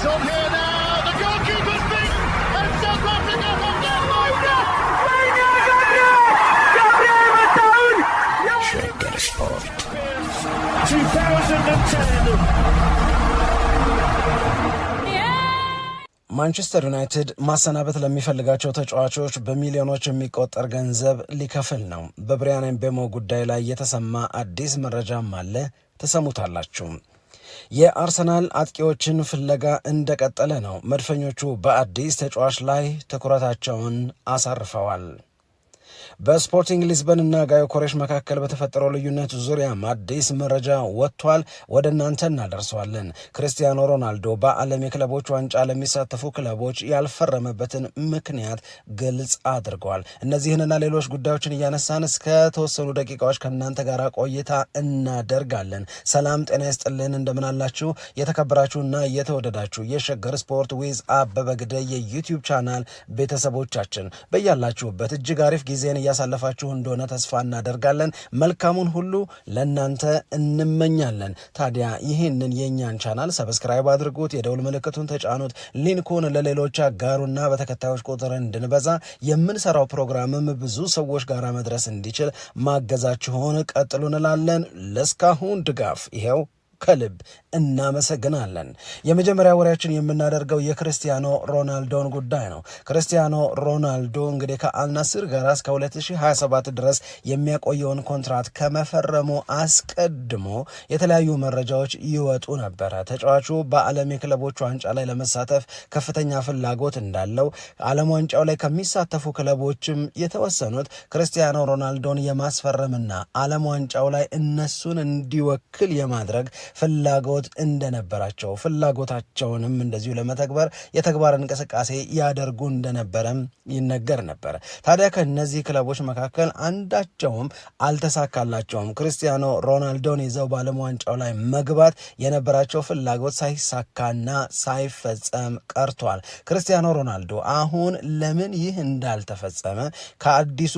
It's on here now. The goalkeeper's beaten, and South Africa 2010 ማንቸስተር ዩናይትድ ማሰናበት ለሚፈልጋቸው ተጫዋቾች በሚሊዮኖች የሚቆጠር ገንዘብ ሊከፍል ነው። በብሪያን ምቤሞ ጉዳይ ላይ የተሰማ አዲስ መረጃም አለ፣ ተሰሙታላችሁ። የአርሰናል አጥቂዎችን ፍለጋ እንደቀጠለ ነው። መድፈኞቹ በአዲስ ተጫዋች ላይ ትኩረታቸውን አሳርፈዋል። በስፖርቲንግ እና ጋዮ ኮሬሽ መካከል በተፈጠረው ልዩነት ዙሪያም አዲስ መረጃ ወጥቷል። ወደ እናንተ እናደርሰዋለን። ክርስቲያኖ ሮናልዶ በዓለም የክለቦች ዋንጫ ለሚሳተፉ ክለቦች ያልፈረመበትን ምክንያት ግልጽ አድርገዋል። እነዚህንና ሌሎች ጉዳዮችን እያነሳን እስከ ተወሰኑ ደቂቃዎች ከእናንተ ጋር ቆይታ እናደርጋለን። ሰላም ጤና ይስጥልን፣ እንደምናላችሁ የተከበራችሁና የተወደዳችሁ የሸገር ስፖርት ዊዝ አበበ ግደይ የዩቲዩብ ቻናል ቤተሰቦቻችን በያላችሁበት እጅግ አሪፍ ጊዜን እያሳለፋችሁ እንደሆነ ተስፋ እናደርጋለን። መልካሙን ሁሉ ለእናንተ እንመኛለን። ታዲያ ይህንን የእኛን ቻናል ሰብስክራይብ አድርጉት፣ የደውል ምልክቱን ተጫኑት፣ ሊንኩን ለሌሎች አጋሩና በተከታዮች ቁጥር እንድንበዛ የምንሰራው ፕሮግራምም ብዙ ሰዎች ጋር መድረስ እንዲችል ማገዛችሁን ቀጥሉ እንላለን። ለእስካሁን ድጋፍ ይኸው ከልብ እናመሰግናለን። የመጀመሪያ ወሬያችን የምናደርገው የክርስቲያኖ ሮናልዶን ጉዳይ ነው። ክርስቲያኖ ሮናልዶ እንግዲህ ከአልናስር ጋር እስከ 2027 ድረስ የሚያቆየውን ኮንትራት ከመፈረሙ አስቀድሞ የተለያዩ መረጃዎች ይወጡ ነበረ። ተጫዋቹ በዓለም የክለቦች ዋንጫ ላይ ለመሳተፍ ከፍተኛ ፍላጎት እንዳለው፣ ዓለም ዋንጫው ላይ ከሚሳተፉ ክለቦችም የተወሰኑት ክርስቲያኖ ሮናልዶን የማስፈረምና ዓለም ዋንጫው ላይ እነሱን እንዲወክል የማድረግ ፍላጎት እንደነበራቸው ፍላጎታቸውንም እንደዚሁ ለመተግበር የተግባር እንቅስቃሴ ያደርጉ እንደነበረም ይነገር ነበር። ታዲያ ከእነዚህ ክለቦች መካከል አንዳቸውም አልተሳካላቸውም። ክርስቲያኖ ሮናልዶን ይዘው በዓለም ዋንጫው ላይ መግባት የነበራቸው ፍላጎት ሳይሳካና ሳይፈጸም ቀርቷል። ክርስቲያኖ ሮናልዶ አሁን ለምን ይህ እንዳልተፈጸመ ከአዲሱ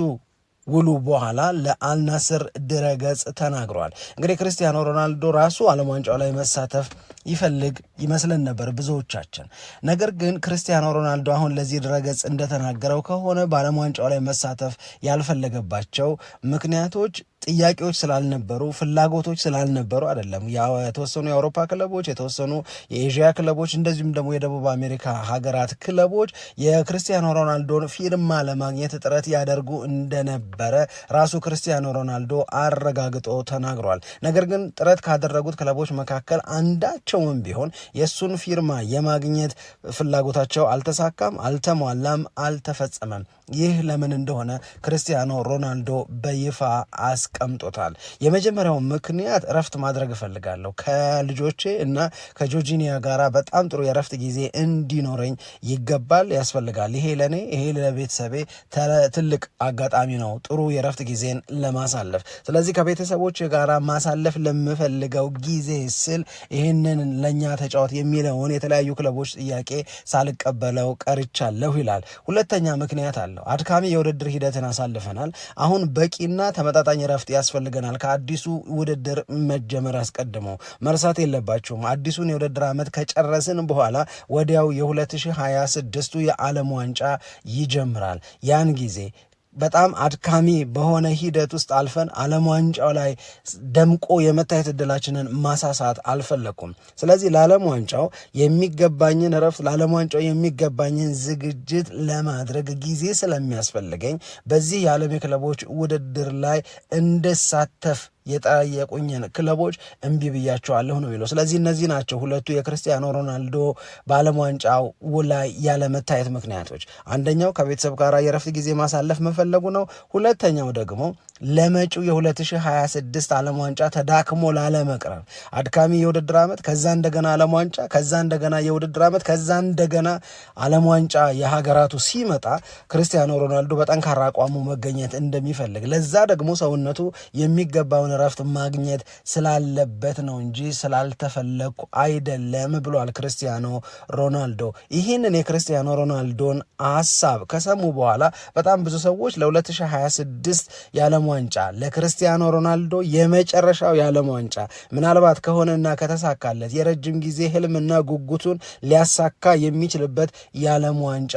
ውሉ በኋላ ለአልናስር ድረገጽ ተናግሯል። እንግዲህ ክርስቲያኖ ሮናልዶ ራሱ ዓለም ዋንጫው ላይ መሳተፍ ይፈልግ ይመስለን ነበር ብዙዎቻችን። ነገር ግን ክርስቲያኖ ሮናልዶ አሁን ለዚህ ድረገጽ እንደተናገረው ከሆነ በዓለም ዋንጫው ላይ መሳተፍ ያልፈለገባቸው ምክንያቶች ጥያቄዎች ስላልነበሩ ፍላጎቶች ስላልነበሩ አይደለም። የተወሰኑ የአውሮፓ ክለቦች፣ የተወሰኑ የኤዥያ ክለቦች እንደዚሁም ደግሞ የደቡብ አሜሪካ ሀገራት ክለቦች የክርስቲያኖ ሮናልዶን ፊርማ ለማግኘት ጥረት ያደርጉ እንደነበረ ራሱ ክርስቲያኖ ሮናልዶ አረጋግጦ ተናግሯል። ነገር ግን ጥረት ካደረጉት ክለቦች መካከል አንዳች ሁላቸውም ቢሆን የእሱን ፊርማ የማግኘት ፍላጎታቸው አልተሳካም፣ አልተሟላም፣ አልተፈጸመም። ይህ ለምን እንደሆነ ክርስቲያኖ ሮናልዶ በይፋ አስቀምጦታል። የመጀመሪያው ምክንያት እረፍት ማድረግ እፈልጋለሁ ከልጆቼ እና ከጆርጂኒያ ጋር በጣም ጥሩ የእረፍት ጊዜ እንዲኖረኝ ይገባል፣ ያስፈልጋል። ይሄ ለእኔ ይሄ ለቤተሰቤ ትልቅ አጋጣሚ ነው፣ ጥሩ የእረፍት ጊዜን ለማሳለፍ። ስለዚህ ከቤተሰቦች ጋር ማሳለፍ ለምፈልገው ጊዜ ስል ይህንን ለእኛ ተጫወት የሚለውን የተለያዩ ክለቦች ጥያቄ ሳልቀበለው ቀርቻለሁ ይላል። ሁለተኛ ምክንያት አለ አለው። አድካሚ የውድድር ሂደትን አሳልፈናል። አሁን በቂና ተመጣጣኝ ረፍት ያስፈልገናል። ከአዲሱ ውድድር መጀመር አስቀድሞ መርሳት የለባቸውም። አዲሱን የውድድር ዓመት ከጨረስን በኋላ ወዲያው የ2026ቱ የዓለም ዋንጫ ይጀምራል። ያን ጊዜ በጣም አድካሚ በሆነ ሂደት ውስጥ አልፈን ዓለም ዋንጫው ላይ ደምቆ የመታየት እድላችንን ማሳሳት አልፈለኩም። ስለዚህ ለዓለም ዋንጫው የሚገባኝን እረፍት፣ ለዓለም ዋንጫው የሚገባኝን ዝግጅት ለማድረግ ጊዜ ስለሚያስፈልገኝ በዚህ የዓለም የክለቦች ውድድር ላይ እንደሳተፍ የጠየቁኝን ክለቦች እምቢ ብያቸዋለሁ ነው የሚለው። ስለዚህ እነዚህ ናቸው ሁለቱ የክርስቲያኖ ሮናልዶ በዓለም ዋንጫው ላይ ያለመታየት ምክንያቶች። አንደኛው ከቤተሰብ ጋር የረፍት ጊዜ ማሳለፍ መፈለጉ ነው። ሁለተኛው ደግሞ ለመጪው የ2026 ዓለም ዋንጫ ተዳክሞ ላለመቅረብ አድካሚ የውድድር ዓመት፣ ከዛ እንደገና ዓለም ዋንጫ፣ ከዛ እንደገና የውድድር ዓመት፣ ከዛ እንደገና ዓለም ዋንጫ የሀገራቱ ሲመጣ ክርስቲያኖ ሮናልዶ በጠንካራ አቋሙ መገኘት እንደሚፈልግ ለዛ ደግሞ ሰውነቱ የሚገባውን የራሱን እረፍት ማግኘት ስላለበት ነው እንጂ ስላልተፈለግኩ አይደለም ብሏል ክርስቲያኖ ሮናልዶ። ይህንን የክርስቲያኖ ሮናልዶን ሀሳብ ከሰሙ በኋላ በጣም ብዙ ሰዎች ለ2026 የዓለም ዋንጫ ለክርስቲያኖ ሮናልዶ የመጨረሻው የዓለም ዋንጫ ምናልባት ከሆነና ከተሳካለት የረጅም ጊዜ ህልምና ጉጉቱን ሊያሳካ የሚችልበት የዓለም ዋንጫ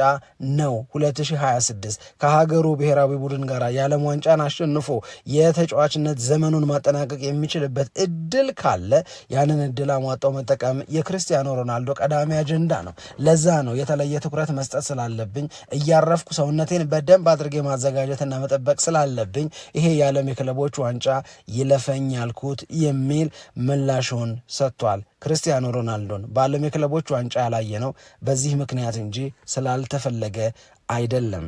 ነው 2026 ከሀገሩ ብሔራዊ ቡድን ጋር የዓለም ዋንጫን አሸንፎ የተጫዋችነት ዘመኑን ዓመቱን ማጠናቀቅ የሚችልበት እድል ካለ ያንን እድል አሟጠው መጠቀም የክርስቲያኖ ሮናልዶ ቀዳሚ አጀንዳ ነው። ለዛ ነው የተለየ ትኩረት መስጠት ስላለብኝ እያረፍኩ ሰውነቴን በደንብ አድርጌ ማዘጋጀትና መጠበቅ ስላለብኝ ይሄ የዓለም የክለቦች ዋንጫ ይለፈኝ ያልኩት የሚል ምላሹን ሰጥቷል። ክርስቲያኖ ሮናልዶን በዓለም የክለቦች ዋንጫ ያላየ ነው በዚህ ምክንያት እንጂ ስላልተፈለገ አይደለም።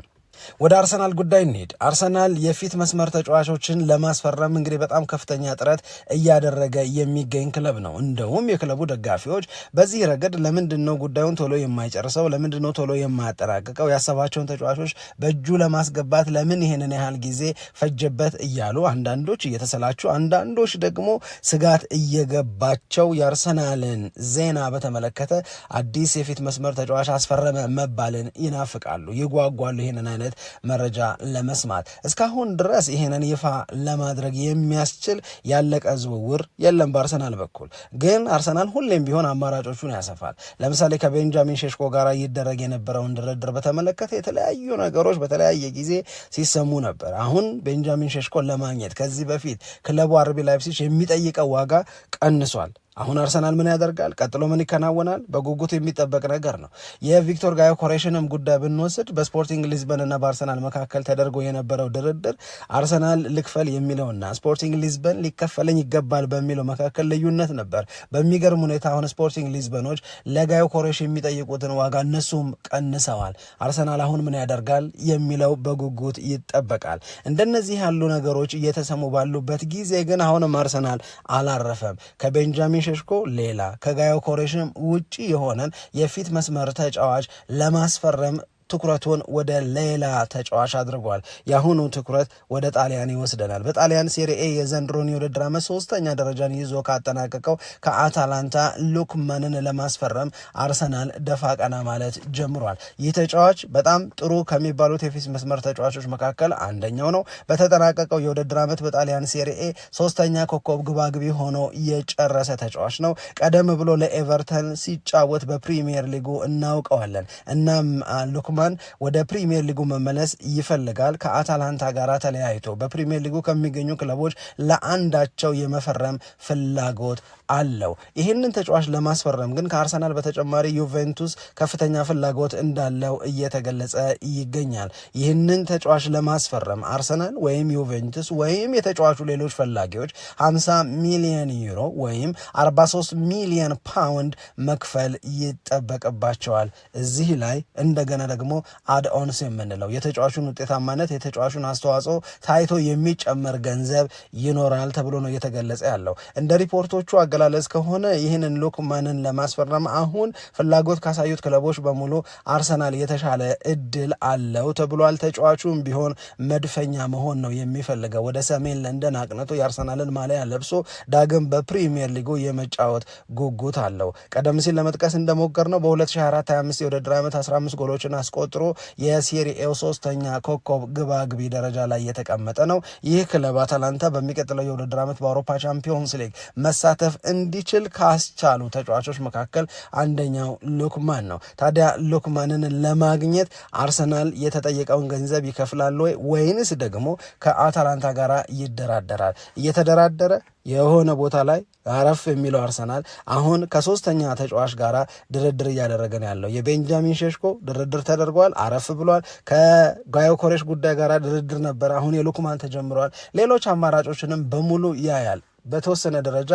ወደ አርሰናል ጉዳይ እንሄድ። አርሰናል የፊት መስመር ተጫዋቾችን ለማስፈረም እንግዲህ በጣም ከፍተኛ ጥረት እያደረገ የሚገኝ ክለብ ነው። እንደውም የክለቡ ደጋፊዎች በዚህ ረገድ ለምንድን ነው ጉዳዩን ቶሎ የማይጨርሰው? ለምንድን ነው ቶሎ የማያጠናቅቀው? ያሰባቸውን ተጫዋቾች በእጁ ለማስገባት ለምን ይሄንን ያህል ጊዜ ፈጀበት? እያሉ አንዳንዶች እየተሰላችሁ፣ አንዳንዶች ደግሞ ስጋት እየገባቸው የአርሰናልን ዜና በተመለከተ አዲስ የፊት መስመር ተጫዋች አስፈረመ መባልን ይናፍቃሉ፣ ይጓጓሉ ይሄንን አይነት አይነት መረጃ ለመስማት እስካሁን ድረስ ይህንን ይፋ ለማድረግ የሚያስችል ያለቀ ዝውውር የለም። በአርሰናል በኩል ግን አርሰናል ሁሌም ቢሆን አማራጮቹን ያሰፋል። ለምሳሌ ከቤንጃሚን ሸሽኮ ጋር ይደረግ የነበረውን ድርድር በተመለከተ የተለያዩ ነገሮች በተለያየ ጊዜ ሲሰሙ ነበር። አሁን ቤንጃሚን ሸሽኮን ለማግኘት ከዚህ በፊት ክለቡ አርቢ ላይፕሲች የሚጠይቀው ዋጋ ቀንሷል። አሁን አርሰናል ምን ያደርጋል? ቀጥሎ ምን ይከናወናል? በጉጉት የሚጠበቅ ነገር ነው። የቪክቶር ጋዮ ኮሬሽንም ጉዳይ ብንወስድ በስፖርቲንግ ሊዝበን እና በአርሰናል መካከል ተደርጎ የነበረው ድርድር አርሰናል ልክፈል የሚለውና ስፖርቲንግ ሊዝበን ሊከፈለኝ ይገባል በሚለው መካከል ልዩነት ነበር። በሚገርም ሁኔታ አሁን ስፖርቲንግ ሊዝበኖች ለጋዮ ኮሬሽ የሚጠይቁትን ዋጋ እነሱም ቀንሰዋል። አርሰናል አሁን ምን ያደርጋል የሚለው በጉጉት ይጠበቃል። እንደነዚህ ያሉ ነገሮች እየተሰሙ ባሉበት ጊዜ ግን አሁንም አርሰናል አላረፈም ከቤንጃሚን ሸሽኮ ሌላ ከጋዮ ኮሬሽም ውጪ የሆነን የፊት መስመር ተጫዋች ለማስፈረም ትኩረቱን ወደ ሌላ ተጫዋች አድርጓል። የአሁኑ ትኩረት ወደ ጣሊያን ይወስደናል። በጣሊያን ሴሪኤ የዘንድሮን የውድድር ዓመት ሶስተኛ ደረጃን ይዞ ካጠናቀቀው ከአታላንታ ሉክመንን ለማስፈረም አርሰናል ደፋ ቀና ማለት ጀምሯል። ይህ ተጫዋች በጣም ጥሩ ከሚባሉት የፊት መስመር ተጫዋቾች መካከል አንደኛው ነው። በተጠናቀቀው የውድድር ዓመት በጣሊያን ሴሪኤ ሶስተኛ ኮከብ ግባግቢ ሆኖ የጨረሰ ተጫዋች ነው። ቀደም ብሎ ለኤቨርተን ሲጫወት በፕሪሚየር ሊጉ እናውቀዋለን። እናም ሉክ ሎክማን ወደ ፕሪሚየር ሊጉ መመለስ ይፈልጋል። ከአታላንታ ጋር ተለያይቶ በፕሪሚየር ሊጉ ከሚገኙ ክለቦች ለአንዳቸው የመፈረም ፍላጎት አለው። ይህንን ተጫዋች ለማስፈረም ግን ከአርሰናል በተጨማሪ ዩቬንቱስ ከፍተኛ ፍላጎት እንዳለው እየተገለጸ ይገኛል። ይህንን ተጫዋች ለማስፈረም አርሰናል ወይም ዩቬንቱስ ወይም የተጫዋቹ ሌሎች ፈላጊዎች 50 ሚሊዮን ዩሮ ወይም 43 ሚሊዮን ፓውንድ መክፈል ይጠበቅባቸዋል። እዚህ ላይ እንደገና ደግሞ አድኦንስ የምንለው የተጫዋቹን ውጤታማነት የተጫዋቹን አስተዋጽኦ ታይቶ የሚጨመር ገንዘብ ይኖራል ተብሎ ነው እየተገለጸ ያለው እንደ ሪፖርቶቹ አገላለጽ ከሆነ ይህንን ሉክማንን ለማስፈረም አሁን ፍላጎት ካሳዩት ክለቦች በሙሉ አርሰናል የተሻለ እድል አለው ተብሏል። ተጫዋቹም ቢሆን መድፈኛ መሆን ነው የሚፈልገው። ወደ ሰሜን ለንደን አቅንቶ የአርሰናልን ማሊያ ለብሶ ዳግም በፕሪሚየር ሊጉ የመጫወት ጉጉት አለው። ቀደም ሲል ለመጥቀስ እንደሞከር ነው በ2024/25 የውድድር ዓመት 15 ጎሎችን አስቆጥሮ የሴሪኤው ሶስተኛ ኮከብ ግባግቢ ደረጃ ላይ የተቀመጠ ነው። ይህ ክለብ አታላንታ በሚቀጥለው የውድድር ዓመት በአውሮፓ ቻምፒዮንስ ሊግ መሳተፍ እንዲችል ካስቻሉ ተጫዋቾች መካከል አንደኛው ሉክማን ነው። ታዲያ ሉክማንን ለማግኘት አርሰናል የተጠየቀውን ገንዘብ ይከፍላል ወይ ወይንስ ደግሞ ከአታላንታ ጋር ይደራደራል? እየተደራደረ የሆነ ቦታ ላይ አረፍ የሚለው አርሰናል አሁን ከሶስተኛ ተጫዋች ጋር ድርድር እያደረገ ነው ያለው። የቤንጃሚን ሼሽኮ ድርድር ተደርጓል፣ አረፍ ብሏል። ከጋዮ ኮሬሽ ጉዳይ ጋር ድርድር ነበር፣ አሁን የሉክማን ተጀምረዋል። ሌሎች አማራጮችንም በሙሉ ያያል። በተወሰነ ደረጃ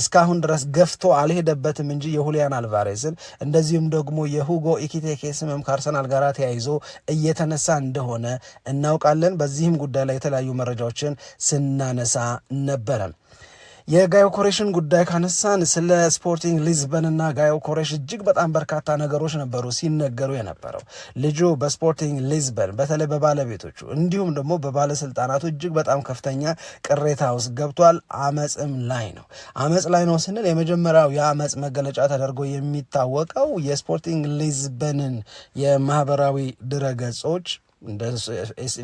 እስካሁን ድረስ ገፍቶ አልሄደበትም እንጂ የሁሊያን አልቫሬዝን እንደዚሁም ደግሞ የሁጎ ኢኪቴኬ ስምም ከአርሰናል ጋር ተያይዞ እየተነሳ እንደሆነ እናውቃለን። በዚህም ጉዳይ ላይ የተለያዩ መረጃዎችን ስናነሳ ነበረም። የጋዮ ኮሬሽን ጉዳይ ካነሳን ስለ ስፖርቲንግ ሊዝበንና ጋዮ ኮሬሽ እጅግ በጣም በርካታ ነገሮች ነበሩ ሲነገሩ የነበረው። ልጁ በስፖርቲንግ ሊዝበን በተለይ በባለቤቶቹ እንዲሁም ደግሞ በባለስልጣናቱ እጅግ በጣም ከፍተኛ ቅሬታ ውስጥ ገብቷል። አመፅም ላይ ነው። አመፅ ላይ ነው ስንል የመጀመሪያው የአመፅ መገለጫ ተደርጎ የሚታወቀው የስፖርቲንግ ሊዝበንን የማህበራዊ ድረገጾች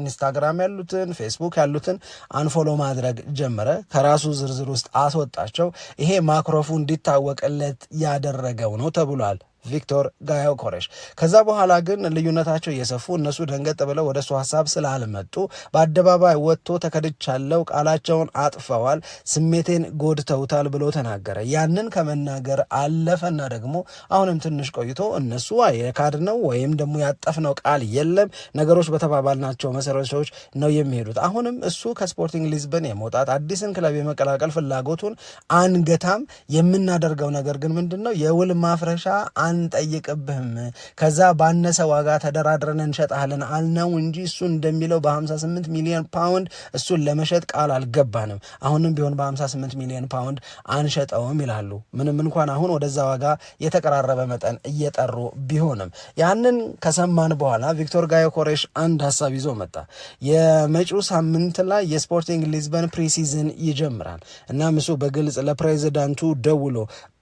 ኢንስታግራም ያሉትን ፌስቡክ ያሉትን አንፎሎ ማድረግ ጀመረ። ከራሱ ዝርዝር ውስጥ አስወጣቸው። ይሄ ማክሮፉ እንዲታወቅለት ያደረገው ነው ተብሏል። ቪክቶር ጋዮ ኮሬሽ። ከዛ በኋላ ግን ልዩነታቸው እየሰፉ እነሱ ደንገጥ ብለው ወደ እሱ ሀሳብ ስላልመጡ በአደባባይ ወጥቶ ተከድቻለው፣ ቃላቸውን አጥፈዋል፣ ስሜቴን ጎድተውታል ብሎ ተናገረ። ያንን ከመናገር አለፈና ደግሞ አሁንም ትንሽ ቆይቶ እነሱ የካድነው ወይም ደግሞ ያጠፍነው ቃል የለም ነገሮች በተባባልናቸው መሰረቶች ነው የሚሄዱት። አሁንም እሱ ከስፖርቲንግ ሊዝበን የመውጣት አዲስን ክለብ የመቀላቀል ፍላጎቱን አንገታም። የምናደርገው ነገር ግን ምንድን ነው የውል ማፍረሻ አንጠይቅብህም፣ ከዛ ባነሰ ዋጋ ተደራድረን እንሸጣለን አልነው እንጂ እሱ እንደሚለው በ58 ሚሊዮን ፓውንድ እሱን ለመሸጥ ቃል አልገባንም። አሁንም ቢሆን በ58 ሚሊዮን ፓውንድ አንሸጠውም ይላሉ። ምንም እንኳን አሁን ወደዛ ዋጋ የተቀራረበ መጠን እየጠሩ ቢሆንም ያንን ከሰማን በኋላ ቪክቶር ኮሬሽ አንድ ሀሳብ ይዞ መጣ። የመጪው ሳምንት ላይ የስፖርቲንግ ሊዝበን ፕሪሲዝን ይጀምራል። እናም እሱ በግልጽ ለፕሬዚዳንቱ ደውሎ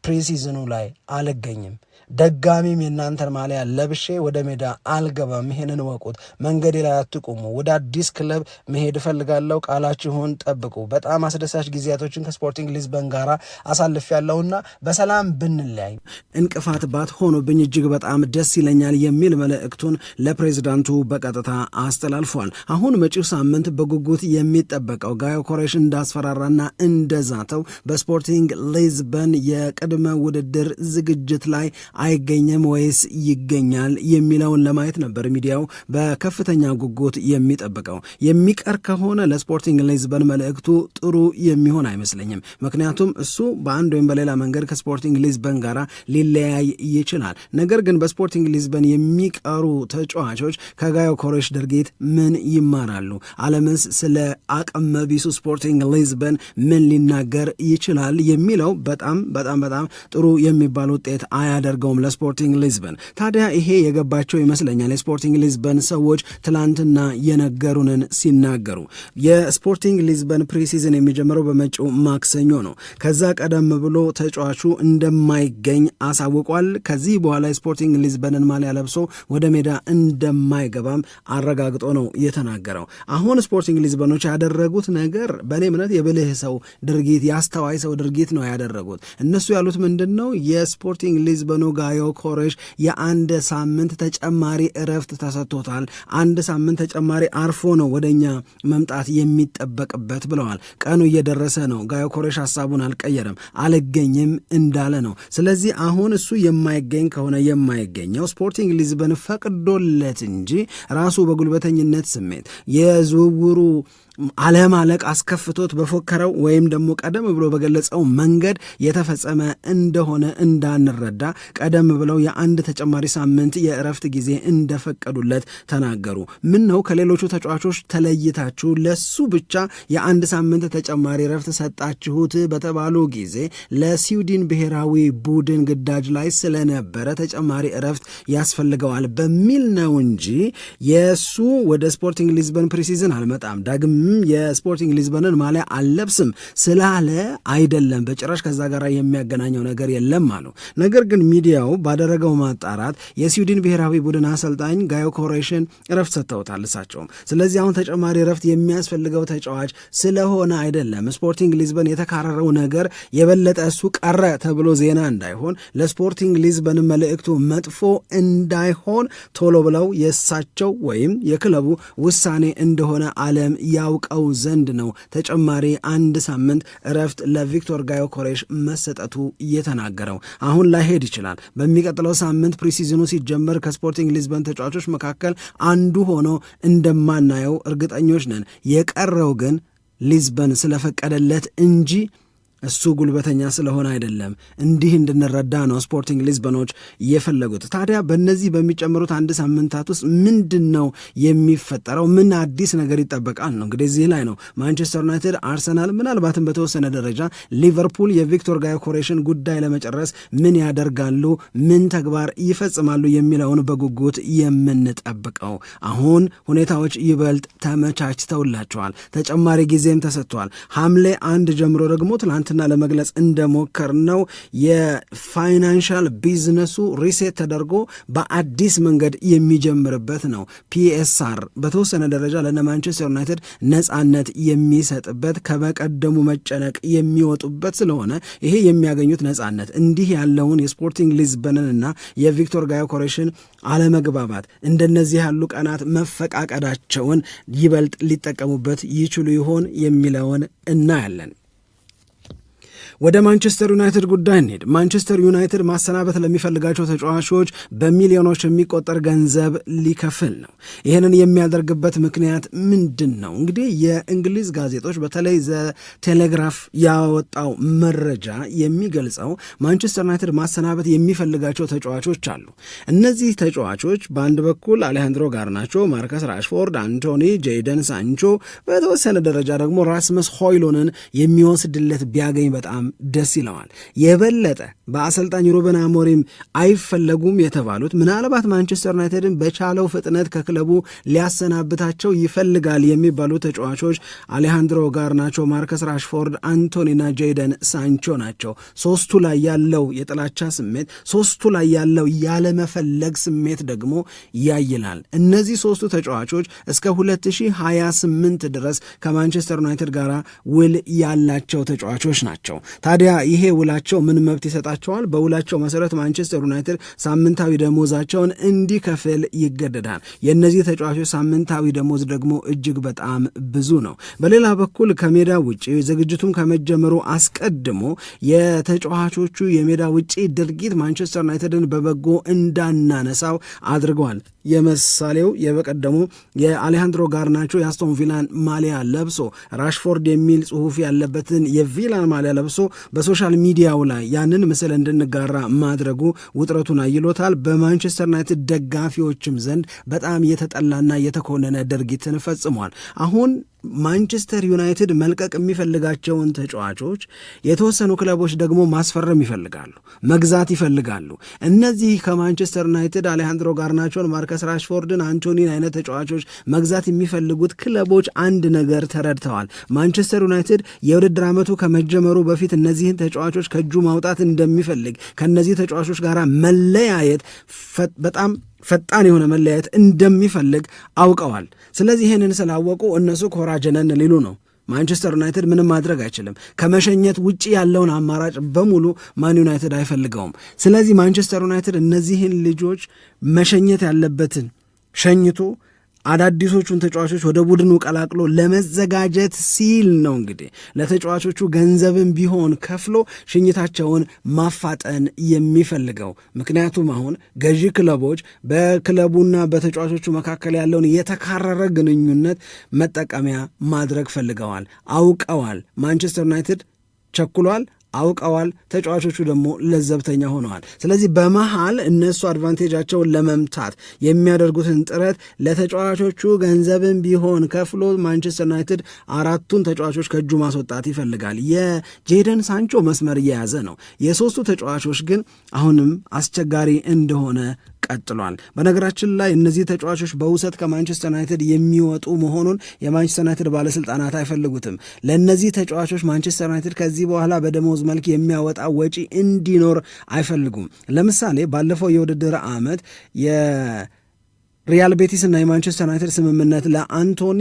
ፕሪሲዝኑ ላይ አልገኝም ደጋሚም የእናንተን ማሊያ ለብሼ ወደ ሜዳ አልገባም። ይሄንን ወቁት። መንገዴ ላይ አትቁሙ። ወደ አዲስ ክለብ መሄድ እፈልጋለሁ። ቃላችሁን ጠብቁ። በጣም አስደሳች ጊዜያቶችን ከስፖርቲንግ ሊዝበን ጋር አሳልፍ ያለውና በሰላም ብንለያይ እንቅፋት ባትሆኑብኝ እጅግ በጣም ደስ ይለኛል የሚል መልእክቱን ለፕሬዚዳንቱ በቀጥታ አስተላልፏል። አሁን መጪው ሳምንት በጉጉት የሚጠበቀው ጋዮ ኮሬሽ እንዳስፈራራና እንደዛተው በስፖርቲንግ ሊዝበን የቅድመ ውድድር ዝግጅት ላይ አይገኝም ወይስ ይገኛል የሚለውን ለማየት ነበር ሚዲያው በከፍተኛ ጉጉት የሚጠብቀው። የሚቀር ከሆነ ለስፖርቲንግ ሊዝበን መልእክቱ ጥሩ የሚሆን አይመስለኝም። ምክንያቱም እሱ በአንድ ወይም በሌላ መንገድ ከስፖርቲንግ ሊዝበን ጋር ሊለያይ ይችላል። ነገር ግን በስፖርቲንግ ሊዝበን የሚቀሩ ተጫዋቾች ከጋዮ ኮሬሽ ድርጊት ምን ይማራሉ? አለምስ ስለ አቅመ ቢሱ ስፖርቲንግ ሊዝበን ምን ሊናገር ይችላል የሚለው በጣም በጣም በጣም ጥሩ የሚባል ውጤት አያደርገው አላደረገውም ለስፖርቲንግ ሊዝበን። ታዲያ ይሄ የገባቸው ይመስለኛል የስፖርቲንግ ሊዝበን ሰዎች ትላንትና የነገሩንን ሲናገሩ። የስፖርቲንግ ሊዝበን ፕሪሲዝን የሚጀምረው በመጪው ማክሰኞ ነው። ከዛ ቀደም ብሎ ተጫዋቹ እንደማይገኝ አሳውቋል። ከዚህ በኋላ የስፖርቲንግ ሊዝበንን ማሊያ ለብሶ ወደ ሜዳ እንደማይገባም አረጋግጦ ነው የተናገረው። አሁን ስፖርቲንግ ሊዝበኖች ያደረጉት ነገር በእኔ እምነት የብልህ ሰው ድርጊት፣ የአስተዋይ ሰው ድርጊት ነው ያደረጉት። እነሱ ያሉት ምንድን ነው? የስፖርቲንግ ሊዝበኖ ጋዮ ኮሬሽ የአንድ ሳምንት ተጨማሪ እረፍት ተሰጥቶታል። አንድ ሳምንት ተጨማሪ አርፎ ነው ወደኛ መምጣት የሚጠበቅበት ብለዋል። ቀኑ እየደረሰ ነው። ጋዮ ኮሬሽ ሀሳቡን አልቀየረም። አልገኝም እንዳለ ነው። ስለዚህ አሁን እሱ የማይገኝ ከሆነ የማይገኘው ስፖርቲንግ ሊዝበን ፈቅዶለት እንጂ ራሱ በጉልበተኝነት ስሜት የዝውውሩ አለማለቅ አስከፍቶት በፎከረው ወይም ደግሞ ቀደም ብሎ በገለጸው መንገድ የተፈጸመ እንደሆነ እንዳንረዳ ቀደም ብለው የአንድ ተጨማሪ ሳምንት የእረፍት ጊዜ እንደፈቀዱለት ተናገሩ። ምን ነው ከሌሎቹ ተጫዋቾች ተለይታችሁ ለሱ ብቻ የአንድ ሳምንት ተጨማሪ እረፍት ሰጣችሁት በተባሉ ጊዜ ለስዊድን ብሔራዊ ቡድን ግዳጅ ላይ ስለነበረ ተጨማሪ እረፍት ያስፈልገዋል በሚል ነው እንጂ የእሱ ወደ ስፖርቲንግ ሊዝበን ፕሪሲዝን አልመጣም ዳግም የስፖርቲንግ ሊዝበንን ማሊያ አለብስም ስላለ አይደለም፣ በጭራሽ ከዛ ጋር የሚያገናኘው ነገር የለም አሉ። ነገር ግን ሚዲያው ባደረገው ማጣራት የስዊድን ብሔራዊ ቡድን አሰልጣኝ ጋዮ ኮሬሽን እረፍት ሰጥተውታል እሳቸውም። ስለዚህ አሁን ተጨማሪ እረፍት የሚያስፈልገው ተጫዋች ስለሆነ አይደለም ስፖርቲንግ ሊዝበን የተካረረው ነገር የበለጠ እሱ ቀረ ተብሎ ዜና እንዳይሆን ለስፖርቲንግ ሊዝበን መልእክቱ መጥፎ እንዳይሆን ቶሎ ብለው የእሳቸው ወይም የክለቡ ውሳኔ እንደሆነ ዓለም ያው ያውቀው ዘንድ ነው ተጨማሪ አንድ ሳምንት እረፍት ለቪክቶር ጋዮ ኮሬሽ መሰጠቱ እየተናገረው አሁን ላይሄድ ይችላል። በሚቀጥለው ሳምንት ፕሪሲዝኑ ሲጀመር ከስፖርቲንግ ሊዝበን ተጫዋቾች መካከል አንዱ ሆኖ እንደማናየው እርግጠኞች ነን። የቀረው ግን ሊዝበን ስለፈቀደለት እንጂ እሱ ጉልበተኛ ስለሆነ አይደለም። እንዲህ እንድንረዳ ነው ስፖርቲንግ ሊዝበኖች የፈለጉት። ታዲያ በእነዚህ በሚጨምሩት አንድ ሳምንታት ውስጥ ምንድን ነው የሚፈጠረው? ምን አዲስ ነገር ይጠበቃል ነው እንግዲህ። እዚህ ላይ ነው ማንቸስተር ዩናይትድ፣ አርሰናል፣ ምናልባትም በተወሰነ ደረጃ ሊቨርፑል የቪክቶር ጋዮ ኮሬሽን ጉዳይ ለመጨረስ ምን ያደርጋሉ፣ ምን ተግባር ይፈጽማሉ የሚለውን በጉጉት የምንጠብቀው። አሁን ሁኔታዎች ይበልጥ ተመቻችተውላቸዋል። ተጨማሪ ጊዜም ተሰጥቷል። ሐምሌ አንድ ጀምሮ ደግሞ ትላንት ትናንትና ለመግለጽ እንደሞከር ነው የፋይናንሻል ቢዝነሱ ሪሴት ተደርጎ በአዲስ መንገድ የሚጀምርበት ነው። ፒኤስአር በተወሰነ ደረጃ ለነ ማንቸስተር ዩናይትድ ነጻነት የሚሰጥበት ከመቀደሙ መጨነቅ የሚወጡበት ስለሆነ ይሄ የሚያገኙት ነጻነት እንዲህ ያለውን የስፖርቲንግ ሊዝበንንና የቪክቶር ጋዮኮሬሽን አለመግባባት እንደነዚህ ያሉ ቀናት መፈቃቀዳቸውን ይበልጥ ሊጠቀሙበት ይችሉ ይሆን የሚለውን እናያለን። ወደ ማንቸስተር ዩናይትድ ጉዳይ እንሄድ። ማንቸስተር ዩናይትድ ማሰናበት ለሚፈልጋቸው ተጫዋቾች በሚሊዮኖች የሚቆጠር ገንዘብ ሊከፍል ነው። ይህንን የሚያደርግበት ምክንያት ምንድን ነው? እንግዲህ የእንግሊዝ ጋዜጦች በተለይ ዘ ቴሌግራፍ ያወጣው መረጃ የሚገልጸው ማንቸስተር ዩናይትድ ማሰናበት የሚፈልጋቸው ተጫዋቾች አሉ። እነዚህ ተጫዋቾች በአንድ በኩል አሌሃንድሮ ጋርናቾ፣ ማርከስ ራሽፎርድ፣ አንቶኒ፣ ጄደን ሳንቾ በተወሰነ ደረጃ ደግሞ ራስመስ ሆይሎንን የሚወስድለት ቢያገኝ በጣም ደስ ይለዋል። የበለጠ በአሰልጣኝ ሩበን አሞሪም አይፈለጉም የተባሉት ምናልባት ማንቸስተር ዩናይትድን በቻለው ፍጥነት ከክለቡ ሊያሰናብታቸው ይፈልጋል የሚባሉ ተጫዋቾች አሌሃንድሮ ጋርናቾ፣ ማርከስ ራሽፎርድ፣ አንቶኒና ጄደን ሳንቾ ናቸው። ሶስቱ ላይ ያለው የጥላቻ ስሜት፣ ሶስቱ ላይ ያለው ያለመፈለግ ስሜት ደግሞ ያይላል። እነዚህ ሶስቱ ተጫዋቾች እስከ 2028 ድረስ ከማንቸስተር ዩናይትድ ጋር ውል ያላቸው ተጫዋቾች ናቸው። ታዲያ ይሄ ውላቸው ምን መብት ይሰጣቸዋል? በውላቸው መሰረት ማንቸስተር ዩናይትድ ሳምንታዊ ደሞዛቸውን እንዲከፍል ይገደዳል። የእነዚህ ተጫዋቾች ሳምንታዊ ደሞዝ ደግሞ እጅግ በጣም ብዙ ነው። በሌላ በኩል ከሜዳ ውጭ ዝግጅቱም ከመጀመሩ አስቀድሞ የተጫዋቾቹ የሜዳ ውጭ ድርጊት ማንቸስተር ዩናይትድን በበጎ እንዳናነሳው አድርገዋል። የመሳሌው የበቀደሙ የአሌሃንድሮ ጋርናቾ የአስቶን ቪላን ማሊያ ለብሶ ራሽፎርድ የሚል ጽሑፍ ያለበትን የቪላን ማሊያ ለብሶ በሶሻል ሚዲያው ላይ ያንን ምስል እንድንጋራ ማድረጉ ውጥረቱን አይሎታል። በማንቸስተር ዩናይትድ ደጋፊዎችም ዘንድ በጣም የተጠላና የተኮነነ ድርጊትን ፈጽሟል። አሁን ማንቸስተር ዩናይትድ መልቀቅ የሚፈልጋቸውን ተጫዋቾች የተወሰኑ ክለቦች ደግሞ ማስፈረም ይፈልጋሉ፣ መግዛት ይፈልጋሉ። እነዚህ ከማንቸስተር ዩናይትድ አሌሃንድሮ ጋርናቾን፣ ማርከስ ራሽፎርድን፣ አንቶኒን አይነት ተጫዋቾች መግዛት የሚፈልጉት ክለቦች አንድ ነገር ተረድተዋል። ማንቸስተር ዩናይትድ የውድድር ዓመቱ ከመጀመሩ በፊት እነዚህን ተጫዋቾች ከእጁ ማውጣት እንደሚፈልግ ከእነዚህ ተጫዋቾች ጋር መለያየት በጣም ፈጣን የሆነ መለያየት እንደሚፈልግ አውቀዋል። ስለዚህ ይህንን ስላወቁ እነሱ ኮራ ጀነን ሊሉ ነው። ማንቸስተር ዩናይትድ ምንም ማድረግ አይችልም። ከመሸኘት ውጭ ያለውን አማራጭ በሙሉ ማን ዩናይትድ አይፈልገውም። ስለዚህ ማንቸስተር ዩናይትድ እነዚህን ልጆች መሸኘት ያለበትን ሸኝቶ አዳዲሶቹን ተጫዋቾች ወደ ቡድኑ ቀላቅሎ ለመዘጋጀት ሲል ነው እንግዲህ ለተጫዋቾቹ ገንዘብን ቢሆን ከፍሎ ሽኝታቸውን ማፋጠን የሚፈልገው። ምክንያቱም አሁን ገዢ ክለቦች በክለቡና በተጫዋቾቹ መካከል ያለውን የተካረረ ግንኙነት መጠቀሚያ ማድረግ ፈልገዋል፣ አውቀዋል። ማንቸስተር ዩናይትድ ቸኩሏል። አውቀዋል። ተጫዋቾቹ ደግሞ ለዘብተኛ ሆነዋል። ስለዚህ በመሃል እነሱ አድቫንቴጃቸውን ለመምታት የሚያደርጉትን ጥረት ለተጫዋቾቹ ገንዘብን ቢሆን ከፍሎ ማንቸስተር ዩናይትድ አራቱን ተጫዋቾች ከእጁ ማስወጣት ይፈልጋል። የጄደን ሳንቾ መስመር እየያዘ ነው። የሶስቱ ተጫዋቾች ግን አሁንም አስቸጋሪ እንደሆነ ቀጥሏል። በነገራችን ላይ እነዚህ ተጫዋቾች በውሰት ከማንቸስተር ዩናይትድ የሚወጡ መሆኑን የማንቸስተር ዩናይትድ ባለስልጣናት አይፈልጉትም። ለእነዚህ ተጫዋቾች ማንቸስተር ዩናይትድ ከዚህ በኋላ በደሞዝ መልክ የሚያወጣ ወጪ እንዲኖር አይፈልጉም። ለምሳሌ ባለፈው የውድድር ዓመት ሪያል ቤቲስ እና የማንቸስተር ዩናይትድ ስምምነት ለአንቶኒ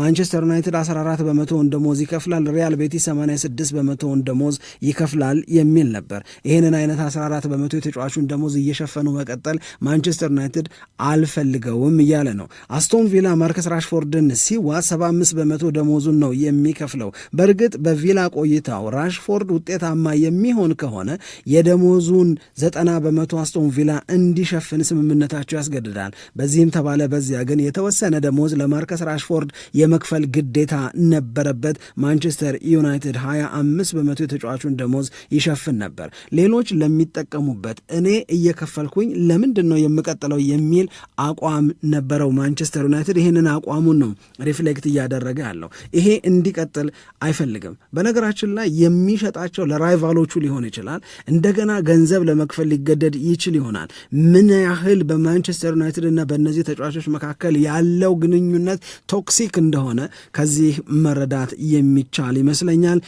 ማንቸስተር ዩናይትድ 14 በመቶውን ደሞዝ ይከፍላል፣ ሪያል ቤቲስ 86 በመቶውን ደሞዝ ይከፍላል የሚል ነበር። ይህንን አይነት 14 በመቶ የተጫዋቹን ደሞዝ እየሸፈኑ መቀጠል ማንቸስተር ዩናይትድ አልፈልገውም እያለ ነው። አስቶን ቪላ ማርከስ ራሽፎርድን ሲዋ 75 በመቶ ደሞዙን ነው የሚከፍለው። በእርግጥ በቪላ ቆይታው ራሽፎርድ ውጤታማ የሚሆን ከሆነ የደሞዙን 90 በመቶ አስቶን ቪላ እንዲሸፍን ስምምነታቸው ያስገድዳል። በዚህም ይህን ተባለ በዚያ ግን የተወሰነ ደሞዝ ለማርከስ ራሽፎርድ የመክፈል ግዴታ ነበረበት። ማንቸስተር ዩናይትድ 25 በመቶ የተጫዋቹን ደሞዝ ይሸፍን ነበር። ሌሎች ለሚጠቀሙበት እኔ እየከፈልኩኝ ለምንድን ነው የምቀጥለው የሚል አቋም ነበረው ማንቸስተር ዩናይትድ። ይህንን አቋሙን ነው ሪፍሌክት እያደረገ ያለው። ይሄ እንዲቀጥል አይፈልግም። በነገራችን ላይ የሚሸጣቸው ለራይቫሎቹ ሊሆን ይችላል። እንደገና ገንዘብ ለመክፈል ሊገደድ ይችል ይሆናል። ምን ያህል በማንቸስተር ዩናይትድ እና በእነዚህ ተጫዋቾች መካከል ያለው ግንኙነት ቶክሲክ እንደሆነ ከዚህ መረዳት የሚቻል ይመስለኛል።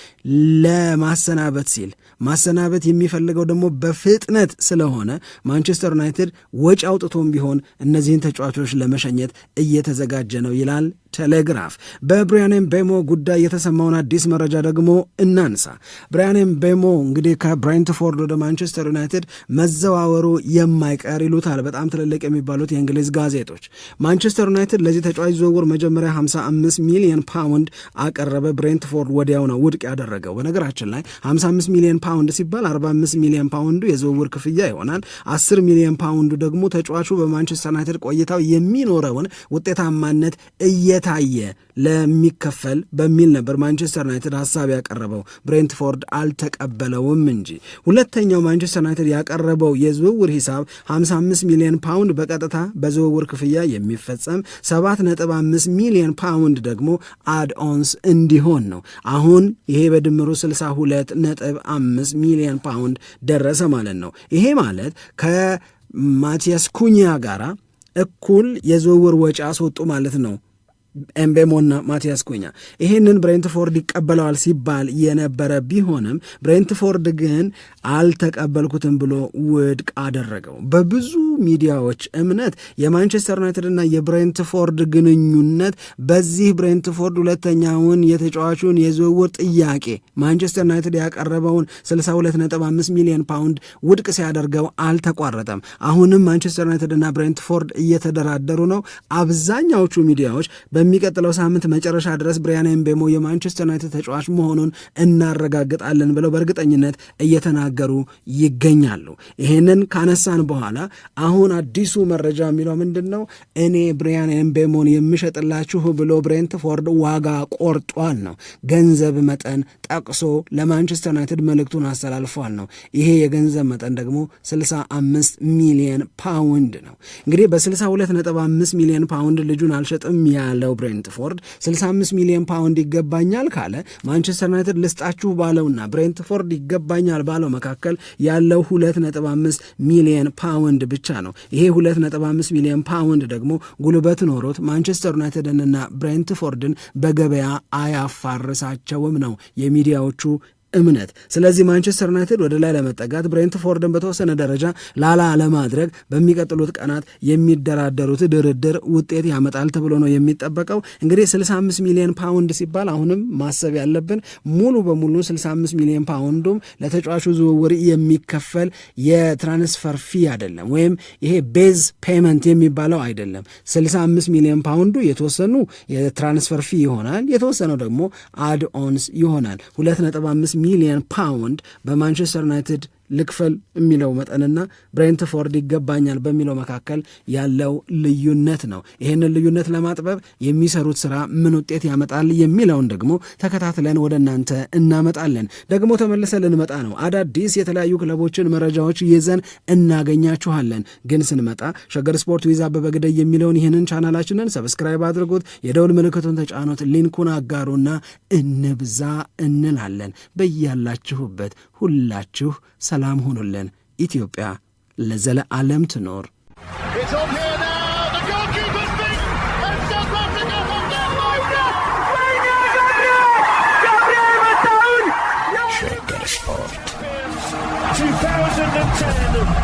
ለማሰናበት ሲል ማሰናበት የሚፈልገው ደግሞ በፍጥነት ስለሆነ ማንቸስተር ዩናይትድ ወጪ አውጥቶም ቢሆን እነዚህን ተጫዋቾች ለመሸኘት እየተዘጋጀ ነው ይላል። ቴሌግራፍ። በብሪያን ቤሞ ጉዳይ የተሰማውን አዲስ መረጃ ደግሞ እናንሳ። ብሪያን ቤሞ እንግዲህ ከብሬንትፎርድ ወደ ማንቸስተር ዩናይትድ መዘዋወሩ የማይቀር ይሉታል በጣም ትልልቅ የሚባሉት የእንግሊዝ ጋዜጦች። ማንቸስተር ዩናይትድ ለዚህ ተጫዋች ዝውውር መጀመሪያ 55 ሚሊዮን ፓውንድ አቀረበ። ብሬንትፎርድ ወዲያው ነው ውድቅ ያደረገው። በነገራችን ላይ 55 ሚሊዮን ፓውንድ ሲባል 45 ሚሊዮን ፓውንዱ የዝውውር ክፍያ ይሆናል። 10 ሚሊዮን ፓውንዱ ደግሞ ተጫዋቹ በማንቸስተር ዩናይትድ ቆይታው የሚኖረውን ውጤታማነት እየ ለታየ ለሚከፈል በሚል ነበር ማንቸስተር ዩናይትድ ሀሳብ ያቀረበው። ብሬንትፎርድ አልተቀበለውም እንጂ ሁለተኛው ማንቸስተር ዩናይትድ ያቀረበው የዝውውር ሂሳብ 55 ሚሊዮን ፓውንድ በቀጥታ በዝውውር ክፍያ የሚፈጸም 7.5 ሚሊዮን ፓውንድ ደግሞ አድ ኦንስ እንዲሆን ነው። አሁን ይሄ በድምሩ 62.5 ሚሊዮን ፓውንድ ደረሰ ማለት ነው። ይሄ ማለት ከማቲያስ ኩኒያ ጋራ እኩል የዝውውር ወጪ አስወጡ ማለት ነው። ኤምቤሞና ማቲያስ ኩኛ ይህንን ብሬንትፎርድ ይቀበለዋል ሲባል የነበረ ቢሆንም ብሬንትፎርድ ግን አልተቀበልኩትም ብሎ ውድቅ አደረገው። በብዙ ሚዲያዎች እምነት የማንቸስተር ዩናይትድና የብሬንትፎርድ ግንኙነት በዚህ ብሬንትፎርድ ሁለተኛውን የተጫዋቹን የዝውውር ጥያቄ ማንቸስተር ዩናይትድ ያቀረበውን 625 ሚሊዮን ፓውንድ ውድቅ ሲያደርገው አልተቋረጠም። አሁንም ማንቸስተር ዩናይትድና ብሬንትፎርድ እየተደራደሩ ነው። አብዛኛዎቹ ሚዲያዎች የሚቀጥለው ሳምንት መጨረሻ ድረስ ብሪያን ኤምቤሞ የማንቸስተር ዩናይትድ ተጫዋች መሆኑን እናረጋግጣለን ብለው በእርግጠኝነት እየተናገሩ ይገኛሉ። ይሄንን ካነሳን በኋላ አሁን አዲሱ መረጃ የሚለው ምንድን ነው? እኔ ብሪያን ኤምቤሞን የምሸጥላችሁ ብሎ ብሬንትፎርድ ዋጋ ቆርጧል ነው። ገንዘብ መጠን ጠቅሶ ለማንቸስተር ዩናይትድ መልእክቱን አስተላልፏል ነው። ይሄ የገንዘብ መጠን ደግሞ 65 ሚሊየን ፓውንድ ነው። እንግዲህ በ62.5 ሚሊየን ፓውንድ ልጁን አልሸጥም ያለው ያለው ብሬንትፎርድ 65 ሚሊዮን ፓውንድ ይገባኛል ካለ ማንቸስተር ዩናይትድ ልስጣችሁ ባለውና ብሬንትፎርድ ይገባኛል ባለው መካከል ያለው 2.5 ሚሊዮን ፓውንድ ብቻ ነው። ይሄ 2.5 ሚሊዮን ፓውንድ ደግሞ ጉልበት ኖሮት ማንቸስተር ዩናይትድንና ብሬንትፎርድን በገበያ አያፋርሳቸውም ነው የሚዲያዎቹ እምነት። ስለዚህ ማንቸስተር ዩናይትድ ወደ ላይ ለመጠጋት ብሬንትፎርድን በተወሰነ ደረጃ ላላ ለማድረግ በሚቀጥሉት ቀናት የሚደራደሩት ድርድር ውጤት ያመጣል ተብሎ ነው የሚጠበቀው። እንግዲህ 65 ሚሊዮን ፓውንድ ሲባል አሁንም ማሰብ ያለብን ሙሉ በሙሉ 65 ሚሊዮን ፓውንዱም ለተጫዋቹ ዝውውር የሚከፈል የትራንስፈር ፊ አይደለም፣ ወይም ይሄ ቤዝ ፔመንት የሚባለው አይደለም። 65 ሚሊዮን ፓውንዱ የተወሰኑ የትራንስፈር ፊ ይሆናል፣ የተወሰነው ደግሞ አድ ኦንስ ይሆናል 2.5 ሚሊዮን ፓውንድ በማንቸስተር ዩናይትድ ልክፈል የሚለው መጠንና ብሬንትፎርድ ይገባኛል በሚለው መካከል ያለው ልዩነት ነው። ይህንን ልዩነት ለማጥበብ የሚሰሩት ስራ ምን ውጤት ያመጣል የሚለውን ደግሞ ተከታትለን ወደ እናንተ እናመጣለን። ደግሞ ተመልሰ ልንመጣ ነው። አዳዲስ የተለያዩ ክለቦችን መረጃዎች ይዘን እናገኛችኋለን። ግን ስንመጣ ሸገር ስፖርት ዊዝ አበበ ግደይ የሚለውን ይህንን ቻናላችንን ሰብስክራይብ አድርጉት፣ የደውል ምልክቱን ተጫኑት፣ ሊንኩን አጋሩና እንብዛ እንላለን። በያላችሁበት ሁላችሁ ሰላም ሰላም ሁኑልን። ኢትዮጵያ ለዘለዓለም ትኖር። ሸገር ስፖርት 2010